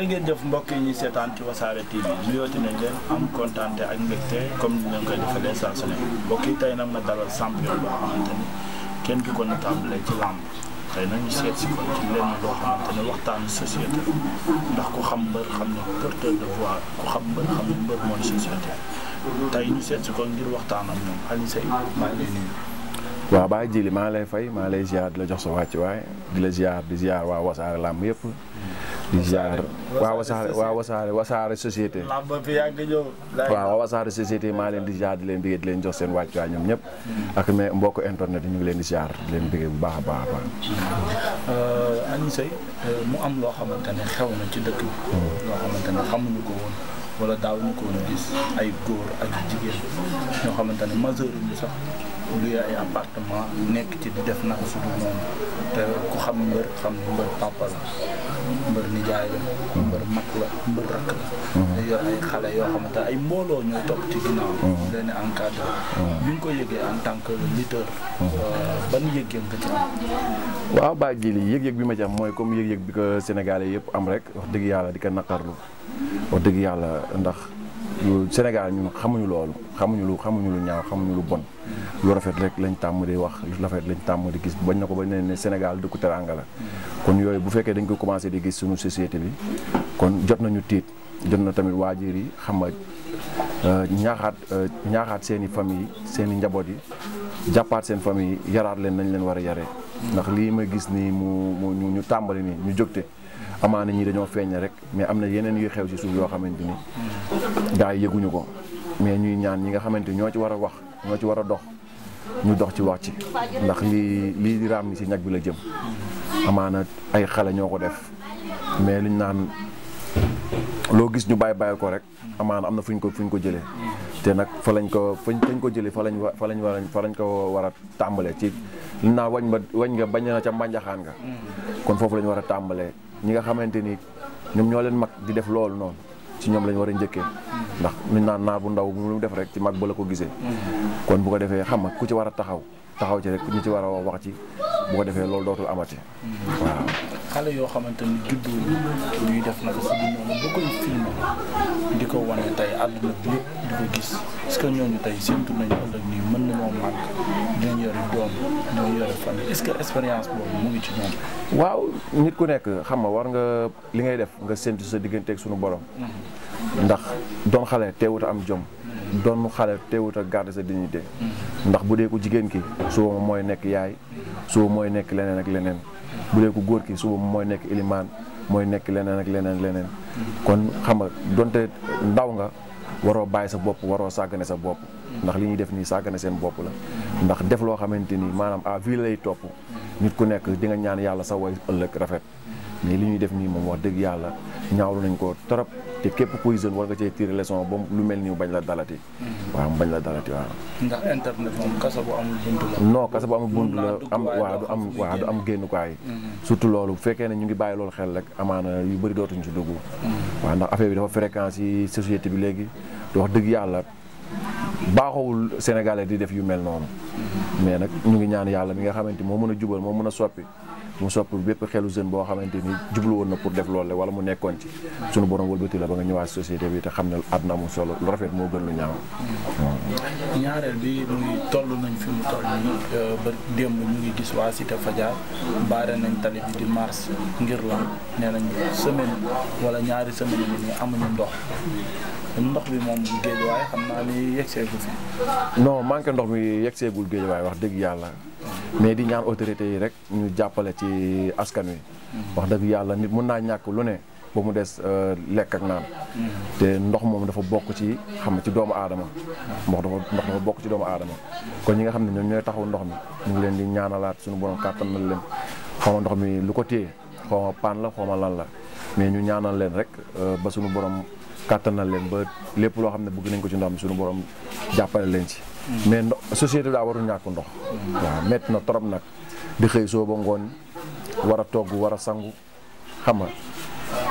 jërë ngeen jëf mbokk yi ñuy seetaan ci wasaare TV nuyooti nañ leen am kontaan ak mbégte comme ni ñu koy defalee saa su mbokk yi tey nag ma dalal champion boo xamante ni kenn du ko na seet si ko ci lenn loo xamante ne société ndax ku xam mbër xam ne porteur de voix ku xam mbër xam ne mbër mooy société tey ñu seet si ko ngir waxtaan ak ñoom Alioune Seye maa lay maa lay fay maa lay ziar di la jox sa wàccuwaay di la ziar di ziar waa wasaare làmb yëpp. di ziar waaw wasaare waaw wasaare wasaare société waaw wasaare société maa leen di ziar di leen bëggee di leen jox seen wàccuwaay ñoom ñëpp hmm. ak mais mbokk internet yi ñu ngi leen di ziar di leen bëggee bu baax a baax a baax euh, euh, mu am loo xamante xew na ci dëkk bi hmm. ko wala daawuñu ko woon gis ay góor ak jigéen ñoo xamante ne majeur ñu sax luy ay appartement nekk ci di def naka sudu moom te ku xam mbër xam mbër papa mbër nijaay la mbër mag la mbër rakk la da mhm. yor ay xale yoo xamante ne ay mbooloo ñooy topp ci ginnaaw mhm. leen encadré mhm. bi nga ko yëgee en tant que lutteur euh, ban yëg-yëg nga ci am waaw baa bi ma ci mooy comme yëg-yëg bi ko sénégalais yëpp am rek wax dëgg yàlla di ko naqarlu wax dëgg yàlla ndax Sénégal ñun xamuñu loolu xamuñu lu xamuñu lu ñaaw xamuñu lu bon lu rafet rek lañ tàmm di wax lu rafet lañ tàmm di gis bañ na ko bañ ne ne Sénégal dëkku teranga la kon yooyu bu fekkee dañ ko commencé di gis suñu société bi kon jot nañu tiit jot na tamit waajur yi xam nga euh, ñaaxaat euh, ñaaxaat seen i famille seen i njaboot yi jàppaat seen famille yaraat leen nañ leen war a yaree ndax lii ma gis nii mu mu ñu tàmbali nii ñu jógte amaana ñi dañoo feeñ rek mais am na yeneen yuy xew ci suuf yoo xamante ni gars yi yëguñu ko mais ñuy ñaan ñi nga xamante ñoo ci war a wax ñoo ci war a dox ñu dox ci wax ci ndax lii lii di raam ni ci ñag bi la jëm amaana ay xale ñoo ko def mais liñ naan loo gis ñu bàyyi bàyyi ko rek amaana am na fu ñu ko fu ñu ko jëlee te nag fa lañ ko fañ ko jëlee fa lañ fa lañ war fa lañ ko war a tàmbalee ci li naa wañ ba wañ nga bañ na ca mbànjaxaan nga kon foofu la ñu war a tàmbalee ñi nga xamante ni ñoom ñoo leen mag di def loolu noonu ci ñoom la ñu war a njëkkee ndax ñu naan naa bu ndaw bu mu def rek ci mag ba la ko gisee mm-hmm. kon bu ko defee xam nga ku ci war a taxaw taxaw ci rek ñu ci war a wax ci bu ko defee loolu dootul amati. waaw xale yoo xamante ni juddu ñuy def naka si biir noonu bu koy film di ko wane tey àdduna bi lépp di ko gis est-ce que ñooñu tey séntu nañu ëllëg nii mën nañoo màgg dinañ yore doom dinañ que expérience mu waaw ku nekk xam nga war nga li ngay def nga séntu sa digganteeg suñu borom. Mm-hmm. ndax doon xale teewut am jom. doon mu xale teewut ak garder sa de ndax bu dee ko jigéen ki suba mooy nekk yaay suba mooy nekk leneen ak leneen bu dee ku góor ki suba mooy nekk ilimaan mooy nekk leneen ak leneen leneen kon xam nga donte ndaw nga waroo bàyyi sa bopp waroo sàggane sa bopp ndax li ñuy def nii sàggane seen bopp la ndax def loo xamante ni maanaam à vie lay topp nit ku nekk di nga ñaan yàlla sa way ëllëg rafet mais li ñuy def nii moom wax dëgg yàlla ñaawlu nañ ko trop te képp kuy jeune war nga cee tirer leçon ba lu mel nii bañ la dalati. Mm-hmm. waaw mu bañ la dalati waaw. ndax internet moom kasa bu la. non kasa bu amul la am waaw du am waaw am génnukaay. Mm-hmm. surtout loolu bu fekkee ne ñu ngi bàyyi loolu xel rek amaana yu bëri dootuñ si dugg. Mm-hmm. waaw ndax affaire bi dafa fréquence yi société bi léegi te wax dëgg yàlla baaxowul sénégalais di def yu mel noonu. mais nag ñu ngi ñaan yàlla mi nga xamante moo mën a jubal moo mën a soppi. mu sopp bépp xelu jeune boo xamante ni jublu woon na pour def loolu wala mu nekkoon ci suñu borom wëlbati la ba nga ñëwaat société bi te xam ne àdduna mu solo lu rafet moo gën lu ñaaw ñaareel bi muy toll nañ fi mu toll euh, ba démb ñu ngi gis waa Cité Fadia baare nañ tali bi di mars ngir la nee nañ semaine wala ñaari semaine yi ñu amuñu ndox ndox bi moom géej waaye xam naa ni yegseegul fi non manqué ndox mi yegseegul géej waaye wax dëgg yàlla mais di ñaan autorité yi rek ñu jàppale ci askan wi. wax dëgg yàlla nit mun naa ñàkk lu ne ba mu des euh, lekk ak naan. te ndox moom dafa bokk ci xam nga ci doomu aadama. ndox dafa ndox bokk ci doomu aadama. kon ñi nga xam ne ñoom ñooy taxaw ndox mi ñu ngi leen di ñaanalaat suñu borom kàttanal leen xaw ma ndox mi lu ko téye xaw ma paan la xaw ma lan la mais ñu ñaanal leen rek euh, ba suñu borom. kàttanal leen ba lépp loo xam ne bëgg nañ ko ci ndox mi suñu borom jàppale leen ci. mais ndox société daa warul ñàkk ndox. waaw métti na trop nag di xëy soo ba ngoon war a togg war a sangu xam nga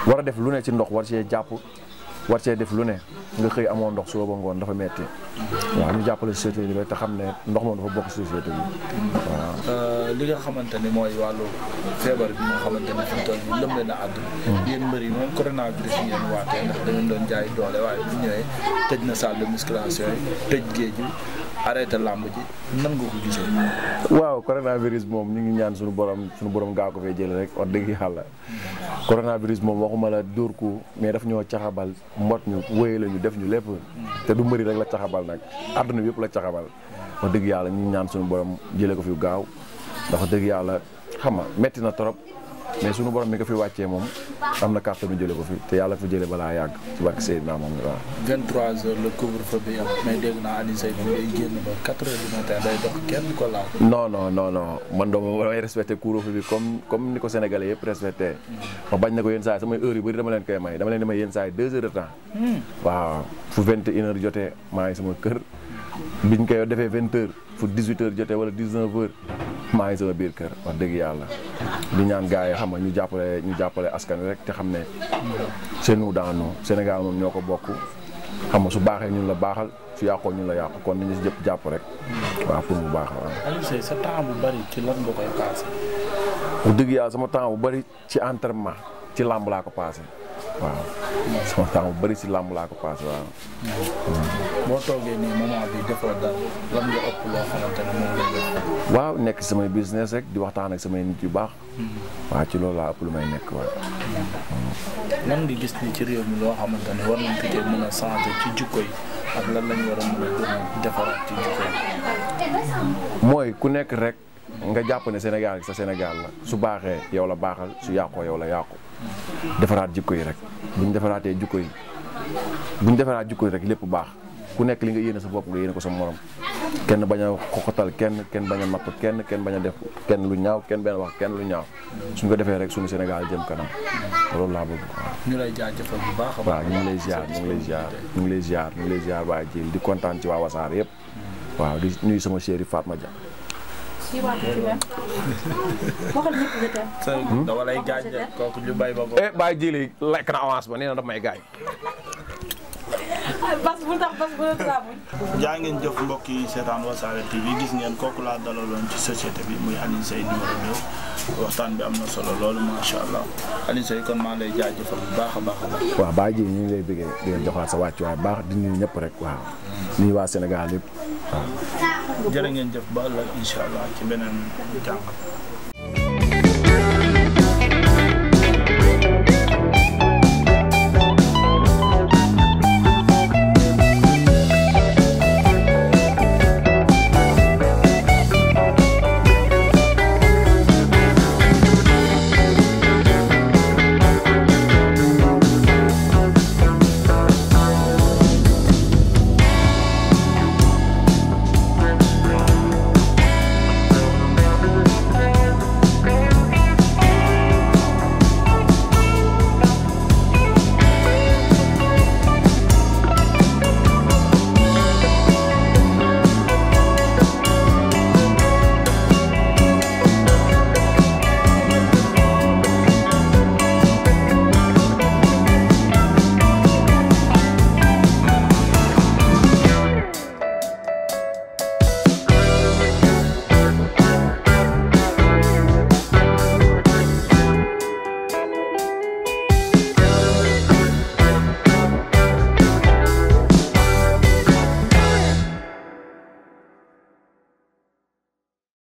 war a def lu ne ci ndox war cee jàpp. war def lu ne nga xëy amoo ndox suba ba ngoon dafa metti waaw ñu jàppale société bi te xam ne ndox moom dafa bokk société bi waaw. Euh, li nga xamante ni mooy wàllu feebar bi nga xamante ni fi mu toll nii lëmb na àdduna. Hmm. yéen mbër yi moom coronavirus yi ngeen waatee ndax da doon jaay doole waaye bu ñëwee tëj na salle de musculation yi tëj géej gi arrêté làmb ji nan nga ko gisee. waaw coronavirus moom ñu ngi ñaan suñu borom suñu borom gaa ko fee jëlee rek wax dëgg yàlla. coronavirus moom waxuma la dóor ko mais daf ñoo caxabal mbot ñu wéyee la ñu def ñu lépp. te du mbëri rek la caxabal nag àdduna bi yëpp la caxabal. wax dëgg yàlla ñu ngi ñaan suñu borom jëlee ko fi gaaw ndax wax dëgg yàlla xam nga metti na trop. mais sunu borom mi ko fi wàccee moom am na kàttanu jële ko fi te yàlla fi jële balaa yàgg ci barke Seydina moom waaw. 23 heures le couvre-feu bi am mais dégg naa Alioune Seye day dox kenn ko laal. non non non non man doo ma may respecté couvre bi comme comme ni ko sénégalais yëpp respecté. ma bañ na ko yenn saa yi samay heures yu bëri dama leen koy may dama leen di may yenn saa yi heures de temps. Hmm. waaw fu 21 heures jotee maa ngi sama kër biñ koy defee 20 heures fu 18 heures jotee wala 19 maa ngi sama biir kër wax dëgg yàlla di ñaan gaa yi xam nga ñu jàppale ñu jàppale askan rek te xam ne c'est nous dans nous moom ñoo ko bokk xam nga su baaxee ñun la baaxal su yàqoo ñu la yàqu kon nañu si jàpp rek waaw pour mu baax waaw. Aliou Seye bu bari ci lan nga dëgg yàlla sama temps bu bari ci entraînement ci làmb laa ko passé. waaw sama temps bu bari ci làmb laa ko paase waaw. boo waaw nekk samay business rek di waxtaan ak samay nit yu baax. Hmm. waaw ci loolu laa ëpp lu may nekk waaye. Hmm. lan nga gis ni ci réew mi loo xamante ne war nañ ko cee mën a changer ci jikko yi ak lan lañ war a a defaraat yi. ku nekk rek. nga jàpp ne Sénégal sa Sénégal la su baaxee yow la baaxal su yàqoo yow la yàqu hmm. defaraat jikko yi rek buñ defaraatee jikko yi buñ defaraat jikko yi rek lépp baax. ku nekk li nga yéene sa bopp nga yéene ko sa morom kenn bañ a xoxotal kenn kenn bañ a napp kenn kenn bañ a def kenn lu ñaaw kenn benn wax kenn lu ñaaw suñ ko defee rek suñu Sénégal jëm kanam loolu laa bëgg ñu lay jaajëfal bu baax waaw ñu ngi lay ziar ñu ngi lay ziar ñu ngi lay ziar ñu ngi lay ziar waa jil di kontaan ci waa wasaar waaw di sama chéri Fatma Dia dama lay gaañ kooku ñu bay ba eh bàyyi na avance ba nee na daf may gaañ bas jaa ngeen jëf mbokk yi seetaan Wassare TV gis ngeen kook laa dalaloon ci société bi muy Alioune Seye numéro 2 waxtaan bi am na solo loolu macha allah Alioune Seye kon maa lay jaajëfal bu baax a baax a baa ji ñu ngi lay bëggee di leen joxaat sa baax di nuyu ñëpp rek waa nuyu waa Sénégal yëpp waaw. ngeen jëf ba ëllëg incha allah ci beneen jàng.